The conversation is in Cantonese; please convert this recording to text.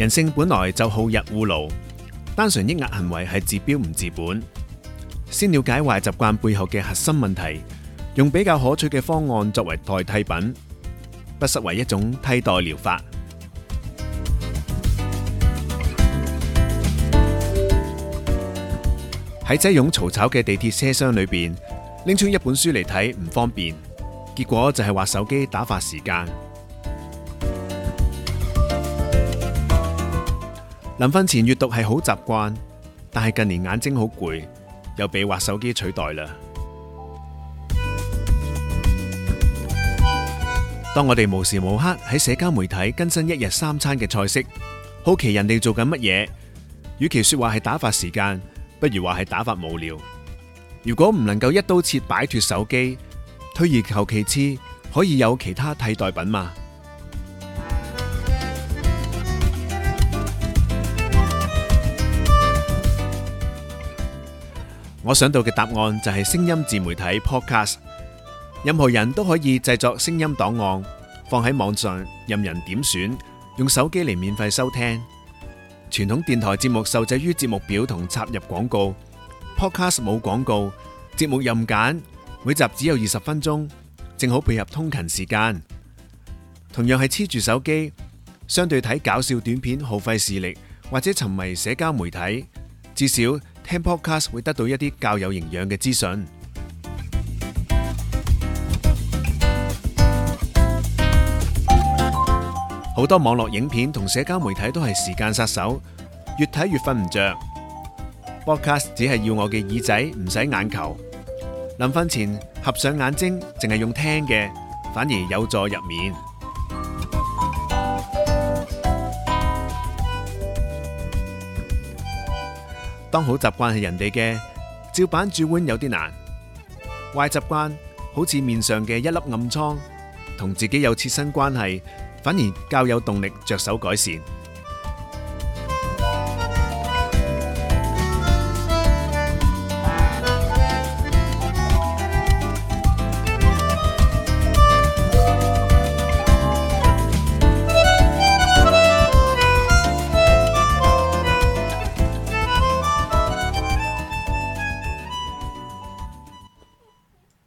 人性本來就好逸惡勞，單純抑壓行為係治標唔治本。先了解壞習慣背後嘅核心問題，用比較可取嘅方案作為代替品，不失為一種替代療法。喺擠擁嘈吵嘅地鐵車廂裏邊，拎出一本書嚟睇唔方便，結果就係滑手機打發時間。臨瞓前閱讀係好習慣，但係近年眼睛好攰，又被滑手機取代啦。當我哋無時無刻喺社交媒體更新一日三餐嘅菜式，好奇人哋做緊乜嘢？與其說話係打發時間，不如話係打發無聊。如果唔能夠一刀切擺脫手機，退而求其次，可以有其他替代品嘛？我想到嘅答案就係聲音自媒體 Podcast，任何人都可以製作聲音檔案，放喺網上任人點選，用手機嚟免費收聽。傳統電台節目受制於節目表同插入廣告，Podcast 冇廣告，節目任揀，每集只有二十分鐘，正好配合通勤時間。同樣係黐住手機，相對睇搞笑短片，耗費視力，或者沉迷社交媒體，至少，聽 Podcast 會得到一啲較有營養嘅資訊，好多網絡影片同社交媒體都係時間殺手，越睇越瞓唔着。Podcast 只係要我嘅耳仔，唔使眼球。臨瞓前合上眼睛，淨係用聽嘅，反而有助入眠。當好習慣係人哋嘅，照板煮碗有啲難。壞習慣好似面上嘅一粒暗瘡，同自己有切身關係，反而較有動力着手改善。